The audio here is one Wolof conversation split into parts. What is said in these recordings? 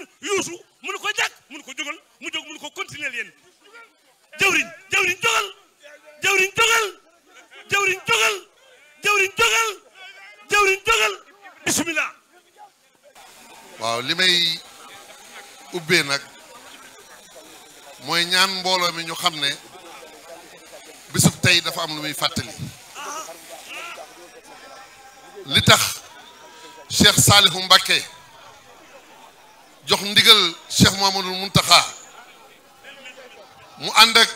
génn yuusu mënu ko jàkk mënu ko jógal mu jóg mënu ko continuer yéen jawriñ jawriñ jógal jawriñ jógal bismillah waaw li may ubbee nag mooy ñaan mbooloo mi ñu xam ne bisub tey dafa am lu muy fàttali li tax Cheikh Saalihu Mbacké jox ndigal Cheikh Mouhamadoul Mountakha mu ànd ak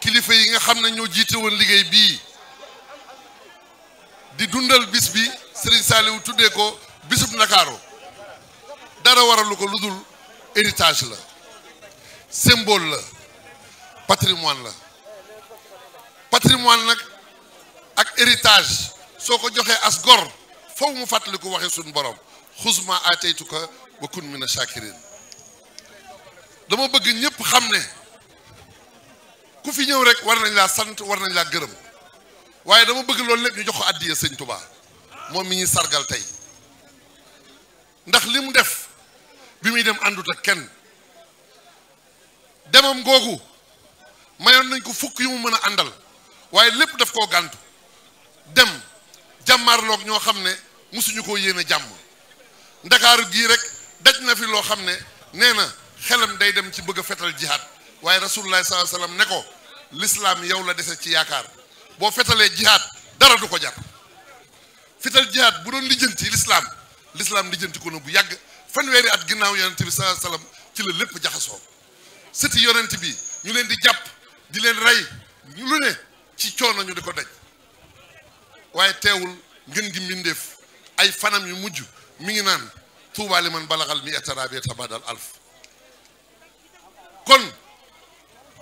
kilifa yi nga xam ne ñoo jiite woon liggéey bii di dundal bis bi Serigne Saliou tuddee ko bisub Ndakaaru dara waralu ko lu dul héritage la symbole la patrimoine la patrimoine nag ak héritage soo ko joxee as gor foofu mu fàttaliku waxee suñu borom xusma ateytuka wa kun mina shakirin dama bëgg ñépp xam ne ku fi ñëw rek war nañ laa sant war nañ laa gërëm waaye dama bëgg lool lépp ñu jox ko addiya sëñ Touba moom mi ñuy sargal tey ndax li mu def bi muy dem àndut ak kenn demam googu mayoon nañ ko fukk yu mu mën a àndal waaye lépp daf koo gàntu dem jàmmaarloog ñoo xam ne mosuñu koo yéene jàmm ndakaaru gii rek daj na fi loo xam ne nee na xelam day dem ci bëgg a fetal jihaad waaye rasulullah sallallahu alayhi wasallam ne ko l'islam yow la dese ci yaakaar boo fetalee jihaad dara du ko jàpp fetal jihaad bu doon lijjanti l'islam lislaam lijjanti ko na bu yàgg fanweeri at ginnaaw yonent bi sallallahu alayhi wasallam ci la lépp jaxasoo sëti yonent bi ñu leen di jàpp di leen rey lu ne ci coono ñu di ko daj waaye teewul ngën gi mbindeef ay fanam yu mujj mu ngi naan tuubaa li man balaxal mi etara bi tabadal alf kon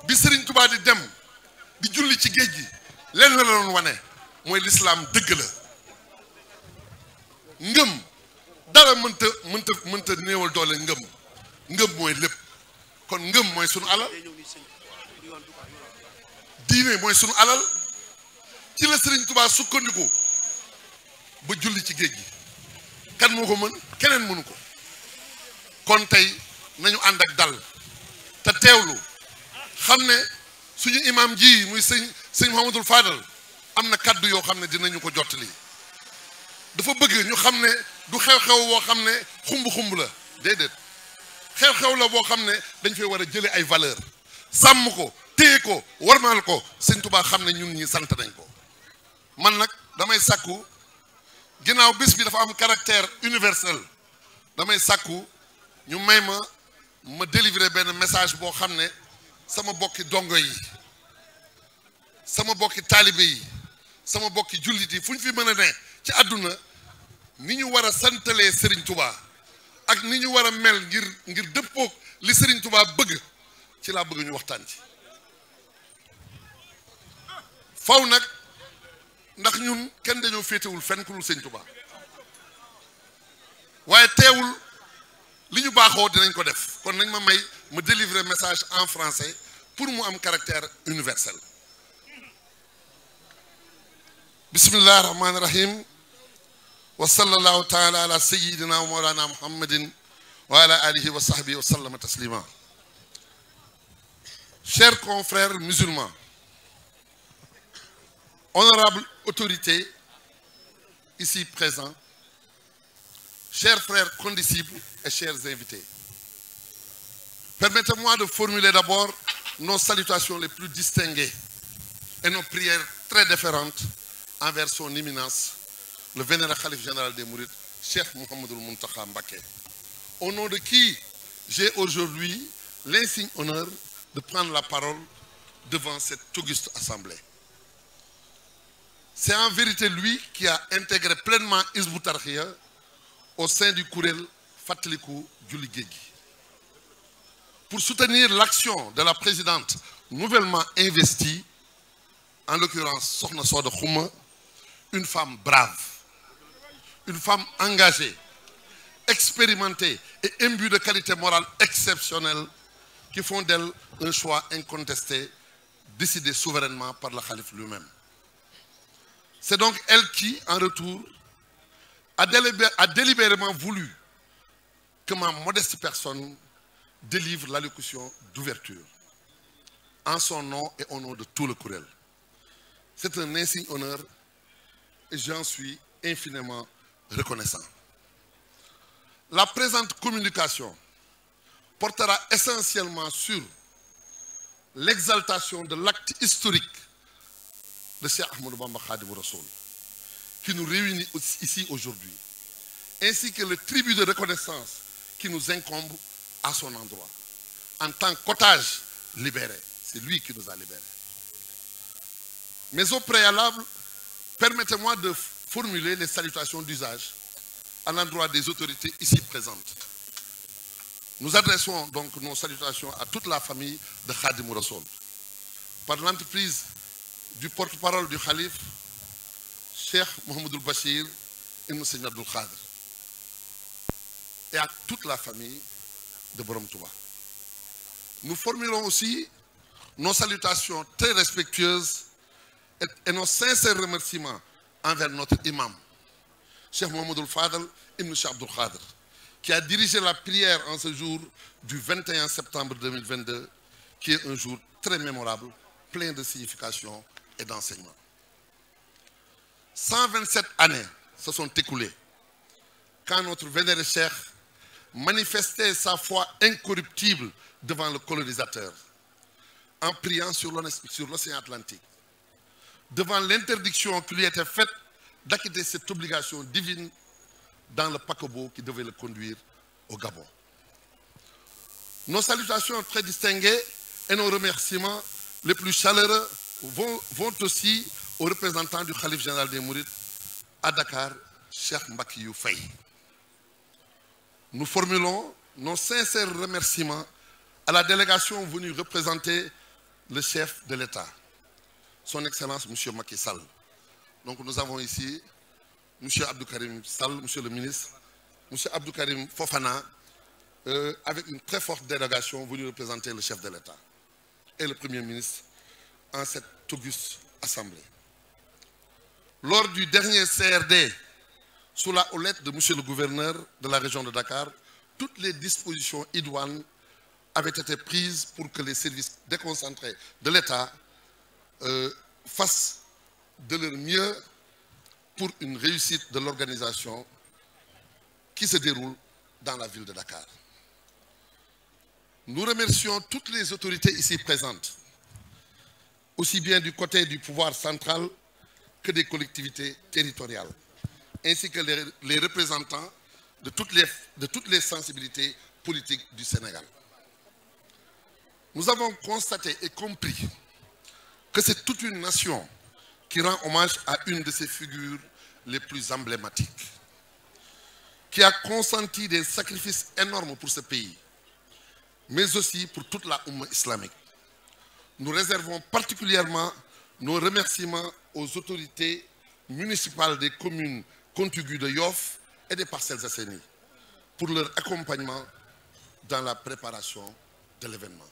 bi sëriñ tubaa di dem di julli ci géej gi leen la doon wane mooy lislaam dëgg la ngëm dara mënta mënta mënta néewal doole ngëm ngëm mooy lépp kon ngëm mooy sunu alal diine mooy sunu alal ci la sëriñ tubaa sukkandiku ba julli ci géej gi kan moo ko mën keneen mënu ko kon tey nañu ànd ak dal te teewlu xam ne suñu imaam ji muy sëñ sëñ Mouhamadul Fadal am na kàddu yoo xam ne dinañu ko jottali dafa bëgg ñu xam ne du xew-xew boo xam ne xumb-xumb la déedéet xew-xew la boo xam ne dañ fee war a jëlee ay valeur sàmm ko téye ko warmaal ko sëñ Tuubaa xam ne ñun ñi sant nañ ko man nag damay sàkku ginnaaw bis bi dafa am caractère universel damay sàkku ñu may ma ma délivrer benn message boo xam ne sama bokki dongo yi sama bokki taalibe yi sama bokki jullit yi fu ñu fi mën a ne ci àdduna ni ñu war a santalee Serigne Touba ak ni ñu war a mel ngir ngir dëppoog li Serigne Touba bëgg ci laa bëgg ñu waxtaan ci faw nag ndax ñun kenn dañoo féetewul fenn ku dul sëñ Tuubaa waaye teewul li ñu baaxoo dinañ ko def kon nañ ma may ma délivrer message en français pour mu am caractère universel bismillahi rahmaani rahim wa sallallahu taala la sayidina wa mawlana muhammadin wa ala alihi wa sahbihi wa sallama taslima chers confrères musulmans honorable autorité ici présents, chers frères condisciples et chers invités, permettez-moi de formuler d'abord nos salutations les plus distinguées et nos prières très déférentes envers son éminence, le vénérable calife général des Mourides, Cheikh Mohamedoul Mountakha Mbaké, au nom de qui j'ai aujourd'hui l'insigne honneur de prendre la parole devant cette auguste assemblée. C'est en vérité lui qui a intégré pleinement Hizbut Tarqiyyah au sein du kuréel Fàttaliku Julli Géej pour soutenir l'action de la présidente nouvellement investie en l'occurrence Sokhna Soda Khouma une femme brave une femme engagée expérimentée et imbue de qualités morales exceptionnelles qui font d'elle un choix incontesté décidé souverainement par le khalife lui-même C'est donc elle qui, en retour, a, délibéré, a délibérément voulu que ma modeste personne délivre l'allocution d'ouverture en son nom et au nom de tous le courriel. C'est un insigne honneur et j'en suis infiniment reconnaissant. La présente communication portera essentiellement sur l'exaltation de l'acte historique de Cheikh Ahmadou Bamba Khadim Rassoul, qui nous réunit ici aujourd'hui, ainsi que le tribut de reconnaissance qui nous incombe à son endroit, en tant qu'otage libéré. C'est lui qui nous a libérés. Mais au préalable, permettez-moi de formuler les salutations d'usage à l'endroit des autorités ici présentes. Nous adressons donc nos salutations à toute la famille de Khadim Rassoul par l'entreprise du porte-parole du khalife Cheikh Mohamedoul Bachir ibn Serigne Abdoul Khadr et à toute la famille de Borom Touba. Nous aussi nos salutations très respectueuses et, et nos sincères remerciements envers notre imam, Cheikh Mohamedoul Fadel ibn Cheikh Abdoul Khadr, qui a dirigé la prière en ce jour du 21 septembre 2022, qui est un jour très mémorable, de signification et d'enseignement. 127 années se sont écoulées quand notre vénéré Cheikh manifestait sa foi incorruptible devant le colonisateur en priant sur e l'océan Atlantique, devant le paquebot qui le conduire au Gabon. Nos salutations très distinguées et nos vont, vont aussi au représentant du Khalif général des Mourides à Dakar, Cheikh Mbakiou Faye. Nous formulons nos sincères remerciements à la délégation venue représenter le chef de l'État, son Excellence Monsieur Macky Sall. Donc nous avons ici Monsieur Abdou Karim Sall, Monsieur le ministre, Monsieur Abdou Karim Fofana, euh, avec une très forte délégation venue représenter le chef de l'État et le Premier ministre en cette auguste assemblée. Lors du dernier CRD, sous la houlette de Monsieur le gouverneur de la région de Dakar, toutes les dispositions idoines avaient été prises pour que les services déconcentrés de l'État euh, fassent de leur mieux pour une réussite de l'organisation qui se déroule dans la ville de Dakar. Nous remercions toutes les autorités ici présentes aussi bien du côté du pouvoir central que des collectivités territoriales, ainsi que les, les représentants de toutes les, de toutes les sensibilités politiques du Sénégal. Nous avons constaté et compris que c'est toute une nation qui rend hommage à une de ses figures les plus emblématiques, qui a consenti des sacrifices énormes pour ce pays, mais aussi pour toute la Oumma islamique. nous réservons particulièrement nos remerciements aux autorités municipales des communes contiguës de Yoff et des Parcelles Assainies pour leur accompagnement dans la préparation de l'événement.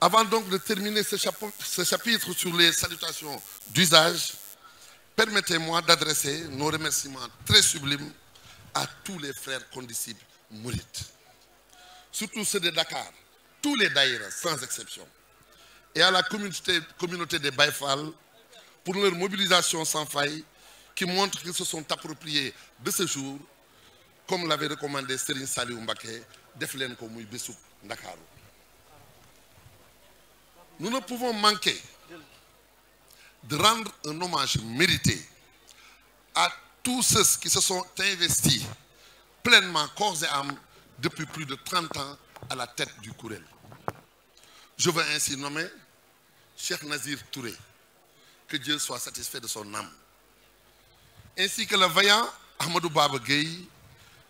Avant donc de terminer ce chapitre sur les salutations d'usage, permettez-moi d'adresser nos remerciements très sublimes à tous les frères condisciples mourites, surtout ceux de Dakar, tous les daïras, sans exception, et à la communauté, communauté des Baïfal pour leur mobilisation sans faille qui montre qu'ils se sont appropriés de ce jour, comme l'avait recommandé Serigne Saliou Mbacké def leen ko muy bésu Ndakaaru. Nous ne pouvons manquer de rendre un hommage mérité à tous ceux qui se sont investis pleinement corps et âme depuis plus de 30 ans à la tête du kuréel. Je veux ainsi nommer Cheikh Nazir Touré. Que Dieu soit satisfait de son âme. Ainsi que le vaillant Ahmadou Baba Gueye,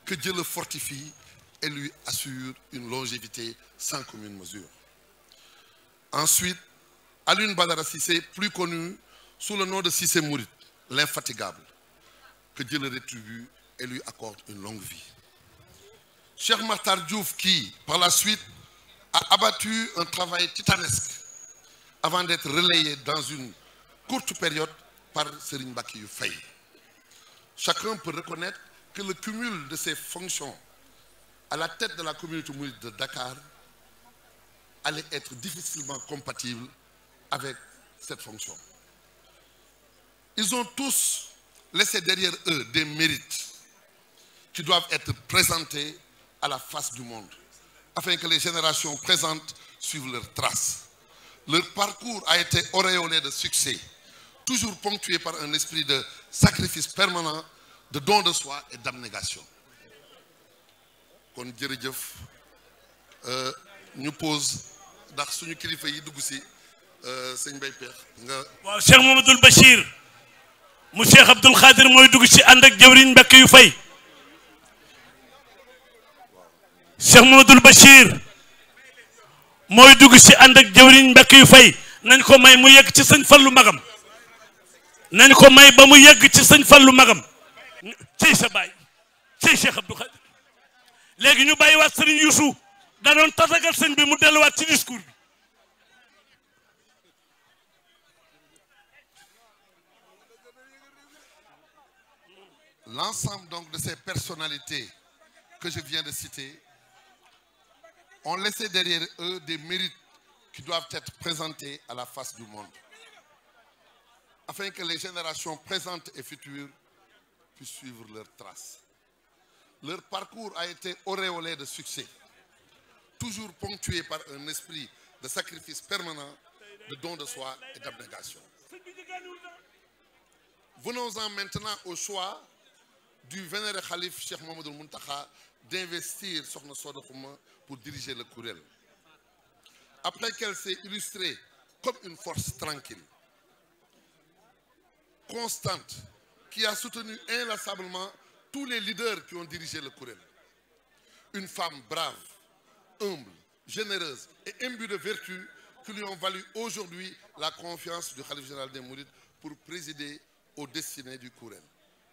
que Dieu le fortifie et lui assure une longévité sans commune mesure. Ensuite, Alioune Badara Cissé, plus connu sous le nom de Cissé Mouride, l'infatigable, que Dieu le rétribue et lui accorde une longue vie. Cheikh Makhtar Diouf qui, par la suite, a abattu un travail titanesque avant d'être relayé dans une courte période par Serigne Mbacké Faye. Chacun peut reconnaître que le cumul de ses fonctions à la tête de la communauté mouride de Dakar allait être difficilement compatible avec cette fonction. Ils ont tous laissé derrière eux des mérites qui doivent être présentés à la face du monde. afin que les générations présentes suivent leurs traces. Leur parcours a été auréolé de succès, toujours ponctué par un esprit de sacrifice permanent, de don de soi et d'abnégation. kon jërëjëf euh, ñu pause ndax suñu kilifa yi dugg si euh, sëñ Mbaye Peex nga. waaw Cheikh Mamadou Bachir mu Cheikh Abdoul Khadir mooy dugg si ànd ak jëwriñ Mbacke yu fay. Cheikh Mamadou Bachir mooy dugg si ànd ak jëwriñ mbekk yu fay nañ ko may mu yegg ci sëñ fallu magam nañ ko may ba mu yegg ci sëñ fallu magam ciy sa baay ciy Cheikh Abdou Khadir léegi ñu bàyyiwaat sëriñ Youssou da doon tatagal sëñ bi mu delluwaat ci discours bi l'ensemble donc de ces personnalités que de citer ont laissé derrière eux des mérites qui doivent être présentés à la face du monde, afin que les générations présentes et futures puissent suivre leurs traces. Leur parcours a été auréolé de succès, toujours ponctué par un esprit de sacrifice permanent, de dons de soi et d'abnégation. Venons-en maintenant au choix du vénéré Khalif Cheikh Mamadou Muntaha d'investir Sokhna Soda Khouma pour diriger le kuréel après qu'elle s'est illustrée comme une force tranquille constante qui a soutenu inlassablement tous les leaders qui ont dirigé le kuréel une femme brave humble généreuse et imbue de vertu qui lui ont valu aujourd'hui la confiance du khalife général des Mourides pour présider aux destinées du kuréel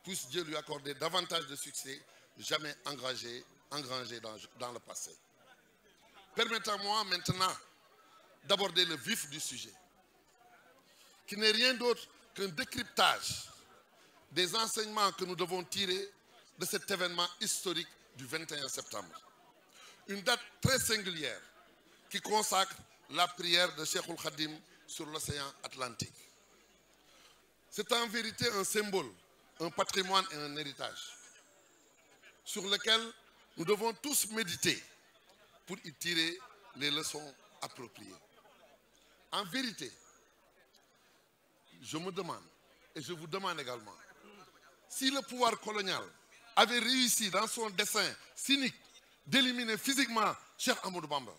puisse Dieu lui accorder davantage de succès jamais engrangé, engrangé dans, dans le passé. Permettez-moi maintenant d'aborder le vif du sujet, qui n'est rien d'autre qu'un décryptage des enseignements que nous devons tirer de cet événement historique du 21 septembre. Une date très singulière qui consacre la prière de Cheikh Khadim sur l'océan Atlantique. C'est en vérité un symbole, un patrimoine et un héritage. sur lequel nous devons tous méditer pour y tirer les leçons appropriées. En vérité, je me demande, et je vous demande également, si le pouvoir colonial avait réussi dans son dessein cynique d'éliminer physiquement Cheikh Amadou Bamba,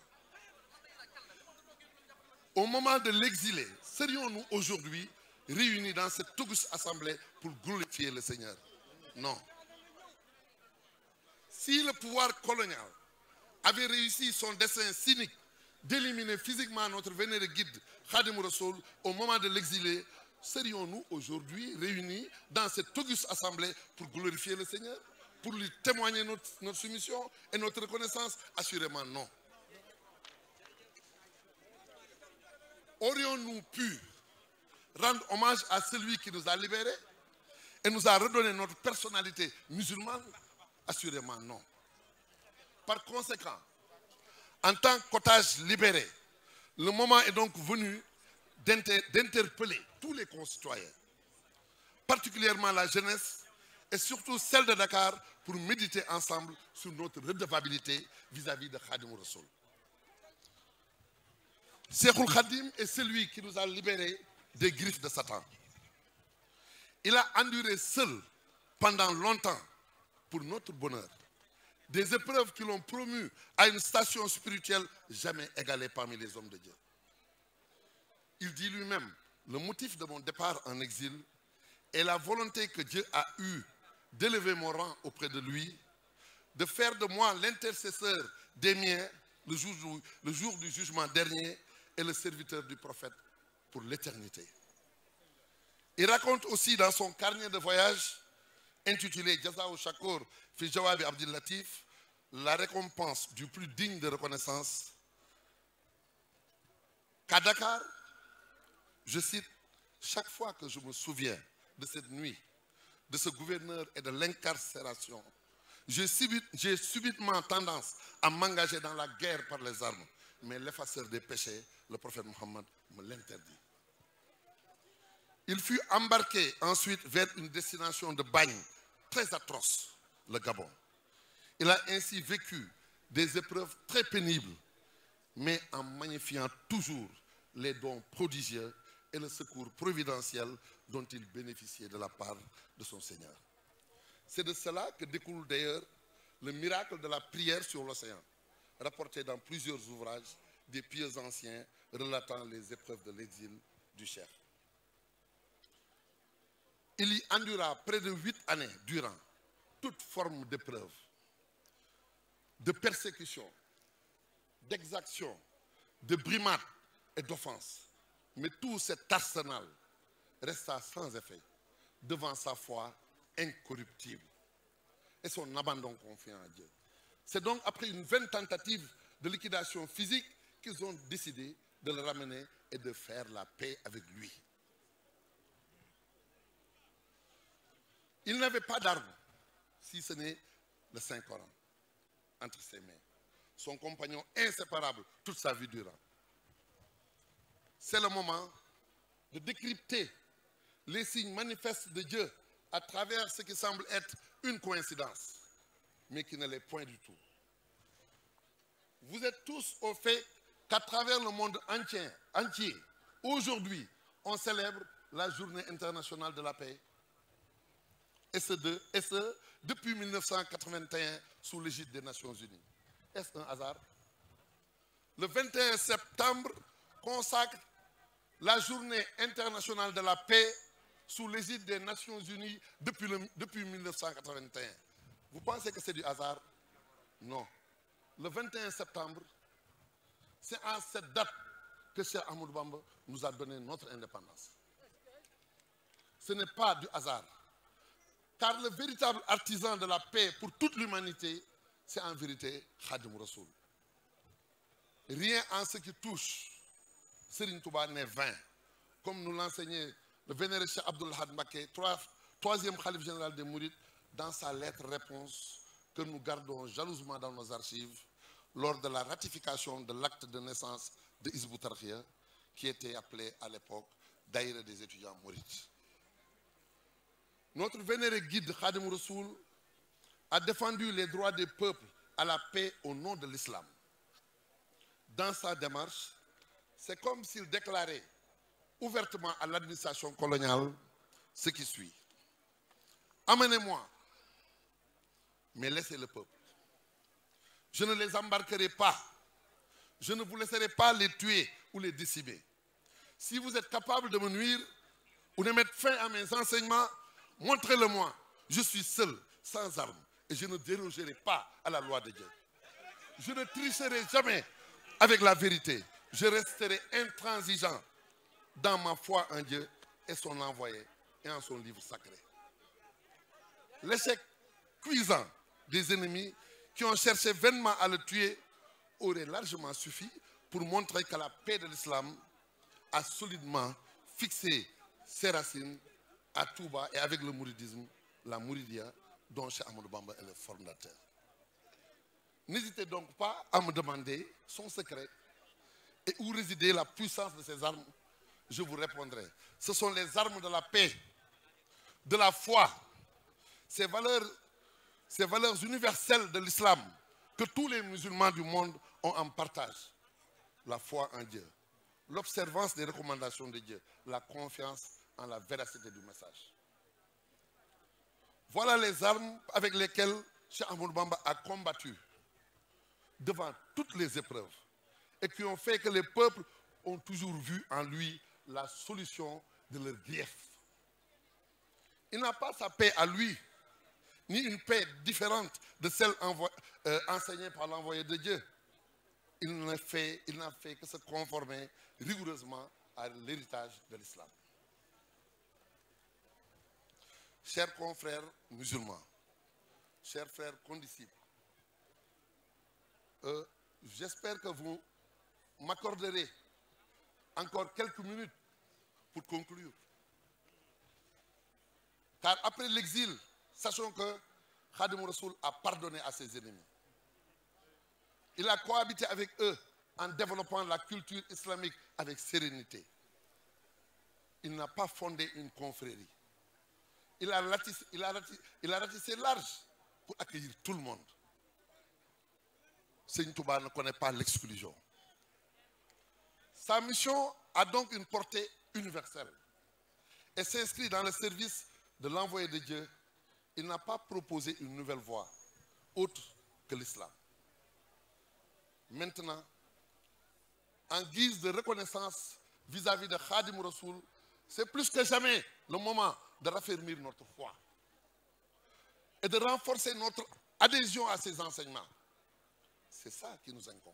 au moment de l'exiler, serions-nous aujourd'hui réunis dans cette auguste assemblée pour glorifier le Seigneur Non. Si le pouvoir colonial avait réussi son dessein cynique d'éliminer physiquement notre vénéré guide Khadim Rassoul au moment de l'exiler, serions-nous aujourd'hui réunis dans cette auguste assemblée pour glorifier le Seigneur, pour lui témoigner notre, notre soumission et notre reconnaissance Assurément non. Aurions-nous pu rendre hommage à celui qui nous a libérés et nous a redonné notre personnalité musulmane Assurément non. Par conséquent, en tant qu'otage libéré, le moment est donc venu d'interpeller tous les concitoyens, particulièrement la jeunesse et surtout celle de Dakar, pour méditer ensemble sur notre redevabilité vis-à-vis -vis de Khadim Rassoul. Sekhul Khadim est celui qui nous a libérés des griffes de Satan. Il a enduré seul pendant longtemps pour notre bonheur. Des épreuves qui l'ont promu à une station spirituelle jamais égalée parmi les hommes de Dieu. Il dit lui-même, le motif de mon départ en exil est la volonté que Dieu a eue d'élever mon rang auprès de lui, de faire de moi l'intercesseur des miens le jour, du, le jour du jugement dernier et le serviteur du prophète pour l'éternité. Il raconte aussi dans son carnet de voyage intitulé Jazaou Shakour fi Jawabi Abdel Latif, la récompense du plus digne de reconnaissance, qu'à Dakar, je cite, chaque fois que je me souviens de cette nuit, de ce gouverneur et de l'incarcération, j'ai subit, subitement tendance à m'engager dans la guerre par les armes. Mais l'effaceur des péchés, le prophète Mohammed, me l'interdit. Il fut embarqué ensuite vers une destination de bagne très atroce, le Gabon. Il a ainsi vécu des épreuves très pénibles, mais en magnifiant toujours les dons prodigieux et le secours providentiel dont il bénéficiait de la part de son Seigneur. C'est de cela que découle d'ailleurs le miracle de la prière sur l'océan, rapporté dans plusieurs ouvrages des pieux anciens relatant les épreuves de l'exil du Cher. il y endura près de huit années durant toute forme d'épreuve, de persécution, d'exaction, de brimade et d'offense. Mais tout cet arsenal resta sans effet devant sa foi incorruptible et son abandon confiant à Dieu. C'est donc après une vaine tentative de liquidation physique qu'ils ont décidé de le ramener et de faire la paix avec lui. Il n'avait pas d'arbre, si ce n'est le cinq coran entre ses mains. Son compagnon inséparable, toute sa vie dura C'est le moment de décrypter les signes manifestes de Dieu à travers ce qui semble être une coïncidence, mais qui ne l'est point du tout. Vous êtes tous au fait qu'à travers le monde entier, entier aujourd'hui, on célèbre la journée internationale de la paix SE2, SE depuis 1981 sous l'égide des Nations Unies. Est-ce un hasard? Le 21 septembre consacre la journée internationale de la paix sous l'égide des Nations Unies depuis le, depuis 1981. Vous pensez que c'est du hasard? Non. Le 21 septembre, c'est à cette date que Cheikh Amadou Bamba nous a donné notre indépendance. Ce n'est pas du hasard. Car le véritable artisan de la paix pour toute l'humanité, c'est en vérité Khadim Rasoul. Rien en ce qui touche Serigne Touba n'est vain. Comme nous l'enseignait le vénéré Cheikh Abdoul Ahad Mbacké, troisième khalife général des Mourides, dans sa lettre réponse que nous gardons jalousement dans nos archives lors de la ratification de l'acte de naissance de Hizbut Tarqiyyah, qui était appelé à l'époque Daïra des étudiants mourides. Notre vénéré guide Khadim Rasoul a défendu les droits des peuples à la paix au nom de l'islam. Dans sa démarche, c'est comme s'il déclarait ouvertement à l'administration coloniale ce qui suit. Amenez-moi, mais laissez le peuple. Je ne les embarquerai pas. Je ne vous laisserai pas les tuer ou les décimer. Si vous êtes capable de me nuire ou de mettre fin à mes enseignements, montrez-le-moi. Je suis seul, sans armes, et je ne dérogerai pas à la loi de Dieu. Je ne tricherai jamais avec la vérité. Je resterai intransigeant dans ma foi en Dieu et son envoyé et en son livre sacré. L'échec cuisant des ennemis qui ont cherché vainement à le tuer aurait largement suffi pour montrer que la paix de l'islam a solidement fixé ses racines à Touba et avec le mouridisme, la Mouridia, dont Cheikh Amadou Bamba est le fondateur. N'hésitez donc pas à me demander son secret et où résidait la puissance de ces armes. Je vous répondrai. Ce sont les armes de la paix, de la foi, ces valeurs, ces valeurs universelles de l'islam que tous les musulmans du monde ont en partage. La foi en Dieu, l'observance des recommandations de Dieu, la confiance en la véracité du message. Voilà les armes avec lesquelles Cheikh Amadou Bamba a combattu devant toutes les épreuves et qui ont fait que les peuples ont toujours vu en lui la solution de leur grief. Il n'a pas sa paix à lui, ni une paix différente de celle euh, enseignée par l'envoyé de Dieu. Il n'a fait que se conformer rigoureusement à l'héritage de l'islam. Chers confrères musulmans, chers frères condisciples, euh, j'espère que vous m'accorderez encore quelques minutes pour conclure. Car après l'exil, sachons que Khadim Rasoul a pardonné à ses ennemis. Il a cohabité avec eux en développant la culture islamique avec sérénité. Il n'a pas fondé une confrérie. il a ratissé, il a ratissé, il large pour accueillir tout le monde. Seigne Touba ne connaît pas l'exclusion. Sa mission a donc une portée universelle et s'inscrit dans le service de l'envoyé de Dieu. Il n'a pas proposé une nouvelle voie autre que l'islam. Maintenant, en guise de reconnaissance vis-à-vis -vis de Khadim Rasoul, c'est plus que jamais le moment de raffermir notre foi et de renforcer notre adhésion à ces enseignements. C'est ça qui nous incombe.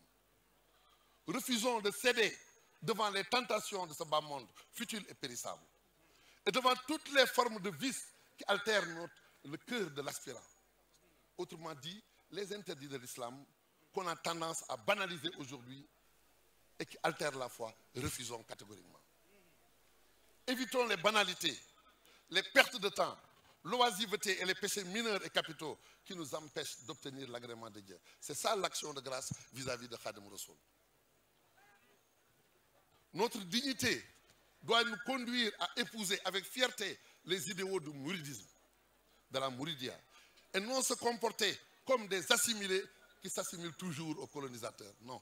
Refusons de céder devant les tentations de ce bas monde, futile et périssable, et devant toutes les formes de vices qui altèrent notre, le cœur de l'aspirant. Autrement dit, les interdits de l'islam qu'on a tendance à banaliser aujourd'hui et qui altèrent la foi, refusons catégoriquement. Évitons les banalités les pertes de temps, l'oisiveté et les péchés mineurs et capitaux qui nous empêchent d'obtenir l'agrément de Dieu. C'est ça l'action de grâce vis-à-vis -vis de Khadim Rasoul. Notre dignité doit nous conduire à épouser avec fierté les idéaux du mouridisme, de la mouridia, et non se comporter comme des assimilés qui s'assimilent toujours aux colonisateurs. Non.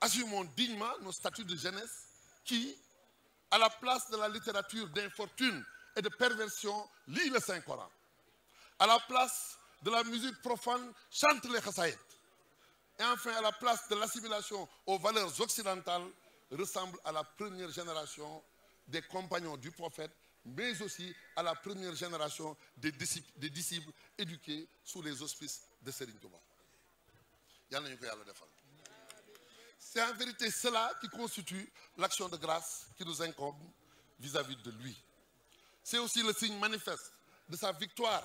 Assumons dignement nos statuts de jeunesse qui, à la place de la littérature d'infortune et de perversion, lis le Saint-Coran. À la place de la musique profane, chante les chassaïd. Et enfin, à la place de l'assimilation aux valeurs occidentales, ressemble à la première génération des compagnons du prophète, mais aussi à la première génération des disciples, des disciples éduqués sous les auspices de Serigne Touba. Yal na ñu ko defal. C'est en vérité cela qui constitue l'action de grâce qui nous incombe vis-à-vis -vis de lui. C'est aussi le signe manifeste de sa victoire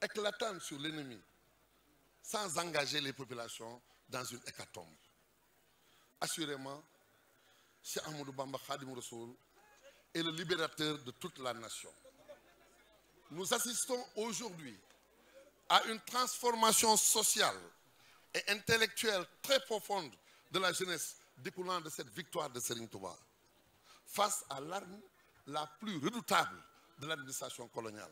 éclatante sur l'ennemi, sans engager les populations dans une hécatombe. Assurément, Cheikh Ahmadou Bamba Khadim Rassoul est le libérateur de toute la nation. Nous assistons aujourd'hui à une transformation sociale et intellectuelle très profonde de la jeunesse découlant de cette victoire de Serigne Touba face à l'arme la plus redoutable de l'administration coloniale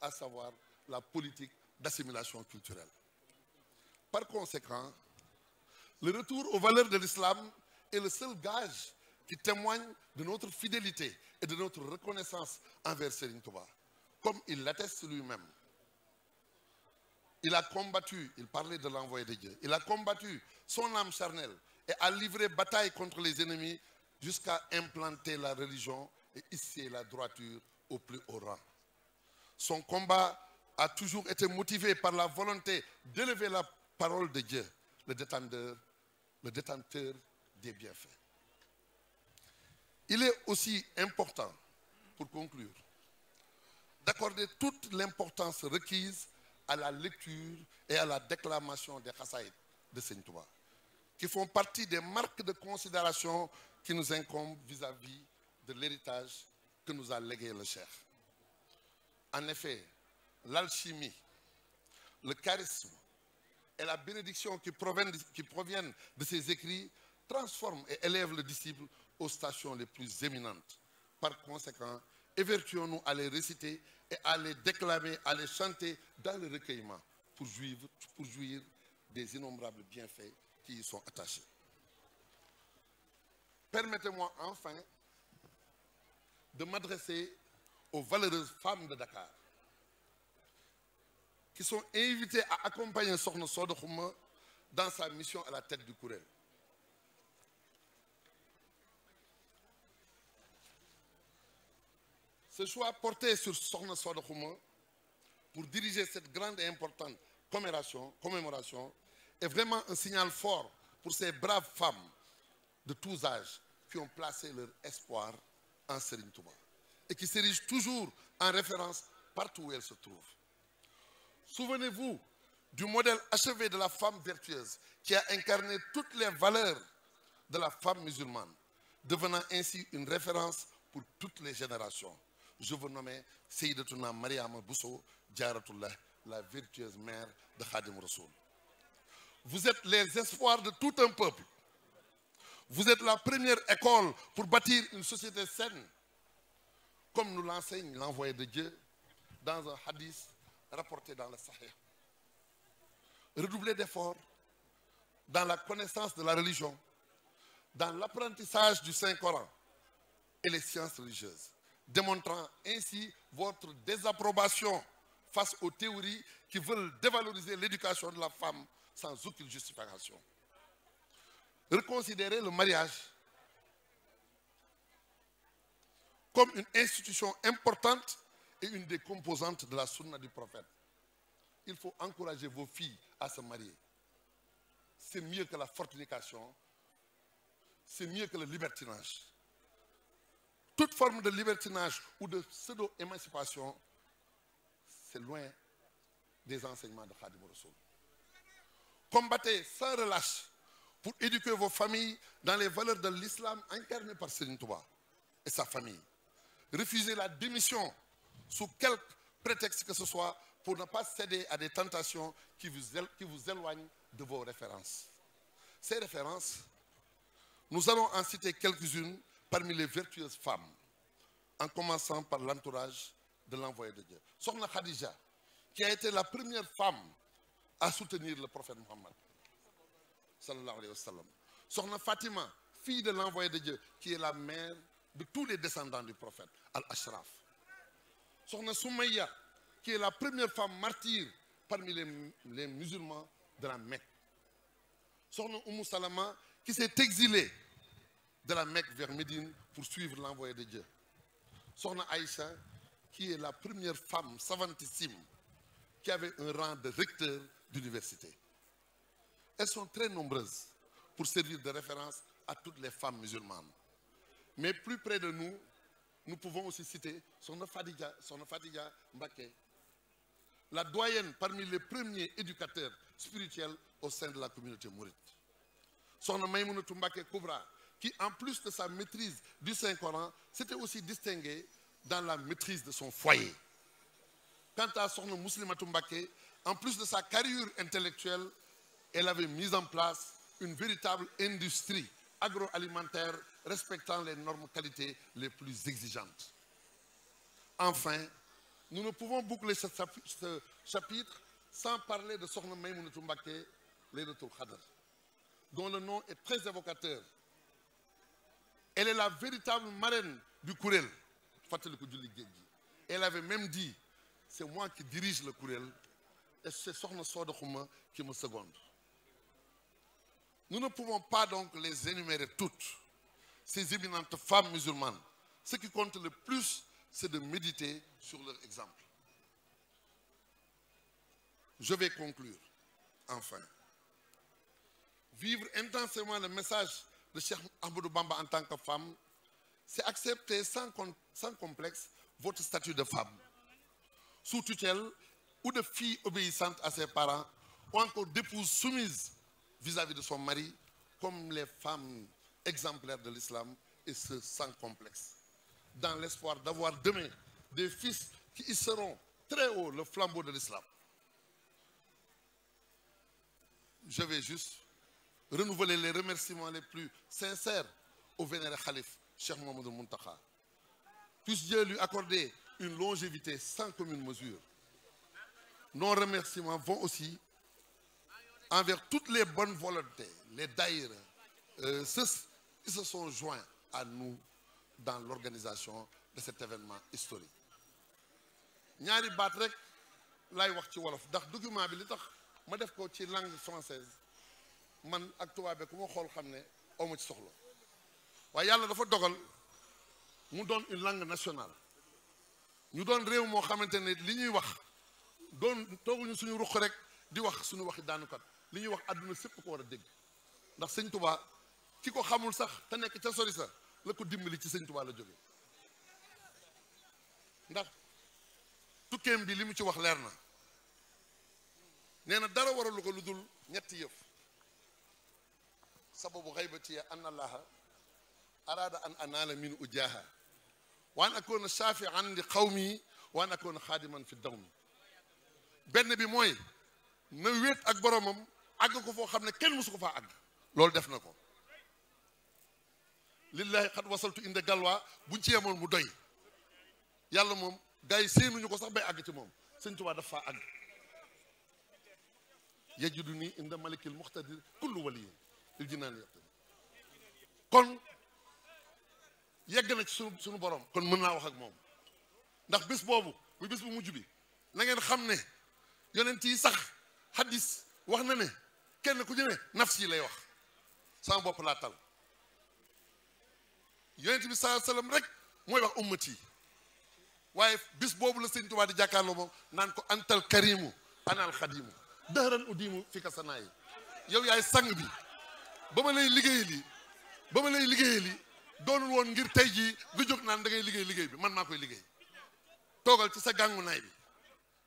à savoir la politique d'assimilation culturelle par conséquent le retour aux valeurs de l'islam est le seul gage qui témoigne de notre fidélité et de notre reconnaissance envers Serigne Touba comme il l'atteste lui-même Il a combattu, il parlait de l'envoyé de Dieu, il a combattu son âme charnelle et a livré bataille contre les ennemis jusqu'à implanter la religion et ici la droiture au plus haut rang. Son combat a toujours été motivé par la volonté d'élever la parole de Dieu, le détenteur, le détenteur des bienfaits. Il est aussi important, pour conclure, d'accorder toute l'importance requise à la lecture et à la déclamation des Khassaïd de Seigne Touba, qui font partie des marques de considération qui nous incombent vis-à-vis de l'héritage que nous a légué le Cheikh. En effet, l'alchimie, le charisme et la bénédiction qui proviennent, qui proviennent de ses écrits transforment et élèvent le disciple aux stations les plus éminentes. Par conséquent, évertuons-nous à les réciter à les déclamer, à les chanter dans le recueillement pour jouir, pour jouir des innombrables bienfaits qui y sont attachés. Permettez-moi enfin de m'adresser aux valeureuses femmes de Dakar qui sont invitées à accompagner Sokhna Sodou Khouma dans sa mission à la tête du kuréel. Ce choix porté sur Sokhna Soda Khouma pour diriger cette grande et importante commémoration, est vraiment un signal fort pour ces braves femmes de tous âges qui ont placé leur espoir en Serigne Touba et qui s'érigent toujours en référence partout où elles se trouvent. Souvenez-vous du modèle achevé de la femme vertueuse qui a incarné toutes les valeurs de la femme musulmane, devenant ainsi une référence pour toutes les générations. je vous nomme Seydatuna Mariama Bousso Diaratullah, la virtueuse mère de Khadim Rasoul. Vous êtes les espoirs de tout un peuple. Vous êtes la première école pour bâtir une société saine, comme nous l'enseigne l'envoyé de Dieu dans un hadith rapporté dans le Sahih. Redoubler d'efforts dans la connaissance de la religion, dans l'apprentissage du Saint-Coran et les sciences religieuses. démontrant ainsi votre désapprobation face aux théories qui veulent dévaloriser l'éducation de la femme sans aucune justification. Reconsidérez le mariage comme une institution importante et une des composantes de la sunna du prophète. Il faut encourager vos filles à se marier. C'est mieux que la fortification, c'est mieux que le libertinage. toute forme de libertinage ou de pseudo-émancipation, c'est loin des enseignements de Khadim Rassoul. Combattez sans relâche pour éduquer vos familles dans les valeurs de l'islam incarné par Serigne Touba et sa famille. Refusez la démission sous quelque prétexte que ce soit pour ne pas céder à des tentations qui vous, qui vous éloignent de vos références. Ces références, nous allons en citer quelques-unes parmi les vertueuses femmes en commençant par l'entourage de l'envoyé de Dieu Sokhna Khadija qui a été la première femme à soutenir le prophète Mohammed sallallahu alayhi wa sallam Fatima fille de l'envoyé de Dieu qui est la mère de tous les descendants du prophète al-Ashraf Sokhna Soumaïa qui est la première femme martyre parmi les, les musulmans de la Mecque Sokhna Oumou Salama qui s'est exilée de la Mecque vers Médine pour suivre l'envoyé de Dieu. Sokhna Aïcha, qui est la première femme savantissime qui avait un rang de recteur d'université. Elles sont très nombreuses pour servir de référence à toutes les femmes musulmanes. Mais plus près de nous, nous pouvons aussi citer Sokhna Fadija, Sokhna la doyenne parmi les premiers éducateurs spirituels au sein de la communauté mouride. Sokhna Maïmounatou Mbacké Koubra qui, en plus de sa maîtrise du Saint-Coran, s'était aussi distingué dans la maîtrise de son foyer. Quant à Sokhna Mouslimatou Mbacké, en plus de sa carrure intellectuelle, elle avait mis en place une véritable industrie agroalimentaire respectant les normes qualité les plus exigeantes. Enfin, nous ne pouvons boucler ce chapitre sans parler de Sokhna Maïmounatou Mbacké Laylatul Qadr, dont le nom est très évocateur elle est la véritable marraine du kuréel fàttali ko julli géej gi elle avait même dit c'est moi qui dirige le kuréel et c'est soxna Sooda Xuma qui me seconde nous ne pouvons pas donc les énumérer toutes ces éminentes femmes musulmanes ce qui compte le plus c'est de méditer sur leur exemple je vais conclure enfin vivre intensément le message de Cheikh Ahmadou Bamba en tant que femme, c'est accepter sans, sans complexe votre statut de femme, sous tutelle ou de fille obéissante à ses parents, ou encore d'épouse soumise vis à -vis de son mari, comme les femmes exemplaires de l'islam, et ce sans complexe. Dans l'espoir d'avoir demain des fils qui y seront très haut le flambeau de l'islam. Je vais juste renouveler les remerciements les plus sincères au vénéré khalife Cheikh Mohamed Mountakha. Puisse Dieu lui accorder une longévité sans commune mesure. Nos remerciements vont aussi envers toutes les bonnes volontés, les daïres, euh, ceux qui se sont joints à nous dans l'organisation de cet événement historique. ñaari baat rek laay wax ci wolof ndax document bi li tax ma def ko ci langue française man ak tubaabe ku ma xool xam ne awma ci soxla waaye yàlla dafa dogal mu doon une langue nationale ñu doon réew moo xamante ne li ñuy wax doon tooguñu suñu ruq rek di wax suñu wax waxi daanukat li ñuy wax àdduna sépp ko war a dégg ndax sëñ tubaa ki ko xamul sax te nekk ca sori sa la ko dimbali ci sëñ tubaa la jóge ndax tukkeem bi li mu ci wax leer na nee na dara waralu ko lu dul ñetti yëf sababu ghaibati anna allaha arada an anala min ujaha wa an akuna shafi'an li qawmi wa an akuna khadiman fi dawmi benn bi mooy na wéet ak boromam àgg ko foo xam ne kenn mësu ko faa àgg loolu def na ko lillahi xad wasaltu inde galwaa buñ ci yemoon mu doy yàlla moom gars yi séenuñu ko sax bay àgg ci moom sëñ Tuubaa dafa faa àgg yajidu nii inde malikil muxtadir kullu waliyin ji jinaan yëpp kon yegg na ci sunu suñu borom kon mën naa wax ak moom ndax bis boobu bu bis bu mujj bi na xam ne yonent yi sax hadis wax na ne kenn ku jëne nafs yi lay wax sama bopp laa tal yonent bi sallallahu alayhi wasallam rek mooy wax ummat yi waaye bis boobu la sëñ Tuubaa di jàkkaarloo moom naan ko antal karimu anal xadimu dëhëran uddimu fi ka sanaa yi yow yaay sang bi ba ma lay liggéeyal yi ba ma lay liggéeyal doonul woon ngir tey jii nga jóg naan dangay liggéey liggéey bi man maa koy liggéey toogal ci sa gàngu naay bi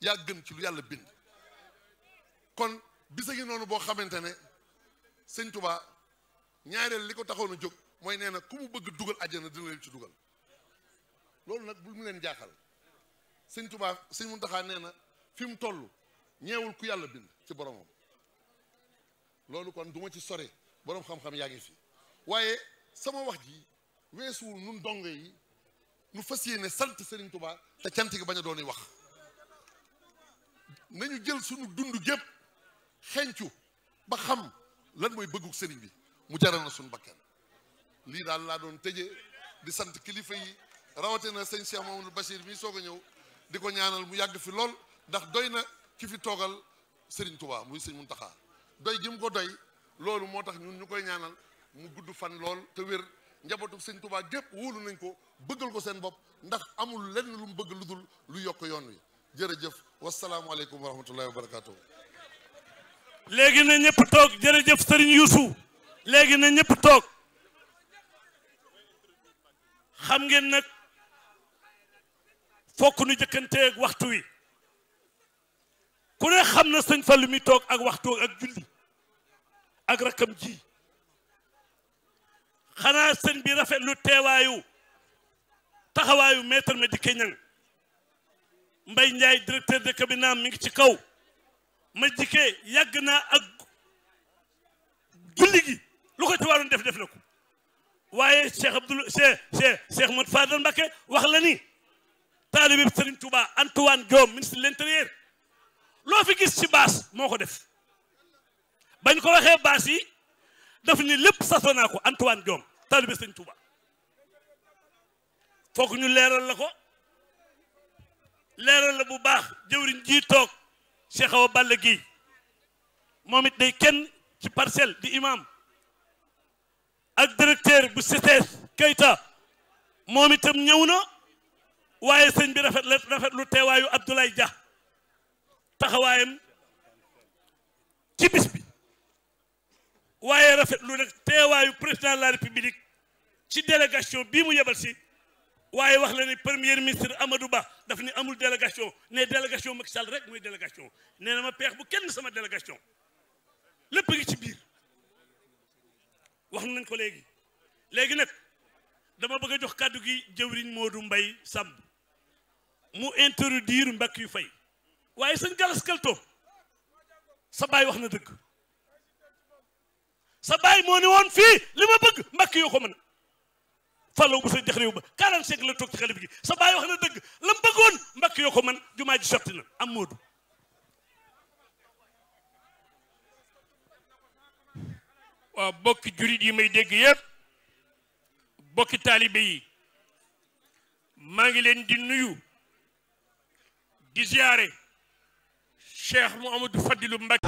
yaa gën ci lu yàlla bind kon bisa ngi noonu boo xamante ne sëñ tubaa ñaareel li ko taxoon a jóg mooy nee na ku mu bëgg dugal àjjana dina leen ci dugal loolu nag bu mu leen jaaxal sëñ tubaa sëñ Muntaxaa nee na fi mu toll ñeewul ku yàlla bind ci boromam loolu kon duma ci sore boroom xam-xam yaa ngi fi waaye sama wax ji weesuwul nun dongo yi nu fas yéene sant sëriñ Touba te cant ki bañ a doon wax nañu jël suñu dundu gépp xencu ba xam lan mooy bëgguk Serigne bi mu jaral na suñu bakken lii daal laa doon tëje di sant kilifa yi rawatina sëñ Cheikh Mamadou Bachir mii soog a ñëw di ko ñaanal mu yàgg fi lool ndax doy na ki fi toogal Serigne Touba muy sëñ Mountakha doy gi mu ko doy loolu moo tax ñun ñu koy ñaanal mu gudd fan lool te wér njabootu sëñ Tuubaa gépp wóolu nañ ko bëggal ko seen bopp ndax amul lenn lu mu bëgg lu dul lu yokk yoon wi jërëjëf wasalaamualeykum wa rahmatullahi wa barakaatu. léegi na ñëpp toog jërëjëf Serigne Youssou léegi na ñëpp toog xam ngeen nag fokk nu jëkkanteeg waxtu wi ku ne xam na sëñ lu muy toog ak waxtu ak julli. ak rakam ji xanaa sëñ bi rafet lu teewaayu taxawaayu maître Madické Niang mbay Ndiaye directeur de cabinet mi ci kaw Madické yàgg na ak julli gi lu ko ci waroon def def na ko waaye Cheikh Abdoul Cheikh Cheikh wax la ni taalibe tubaa Serigne Touba Antoine Diome ministre l'intérieur loo fi gis ci baas moo ko def bañ ko waxee baas yi daf ni lépp sasoo naa ko Antoine Diome taalibe sëñ Touba foog ñu leeral la ko leeral la bu baax jëwriñ ji toog Cheikh Awa Balla Guèye moom it day kenn ci parcelle di imam ak directeur bu CCS Keita moom itam ñëw na waaye sëñ bi rafet la rafet lu teewaayu Abdoulaye Dia taxawaayam ci bis waaye rafet lu nag teewaayu président la république ci délégation bii mu yebal si waaye wax la ne premier ministre Amadou Ba daf ne amul délégation ne délégation Macky Sall rek mooy délégation nee na ma peex bu kenn sama délégation lépp ngi ci biir wax nañ ko léegi léegi nag dama bëgg a jox kàddu gi jëwriñ Modou mbay Samb mu introduire mbakk yu fay waaye sa Galas Kalto sa baay wax na dëgg sa baay woon fii li ma bëgg mbakki yoo ko mën fàllaw bu sa jax réew ba 45 la toog ci xalif gi sa wax na dëgg la mu bëggoon mbakki yoo ko mën jumaa ji sotti na am moodu waaw bokki jurit yi may dégg yëpp bokki taalibe yi maa ngi leen di nuyu di ziyaare Cheikh Mouhamadou Fadilou Mbacké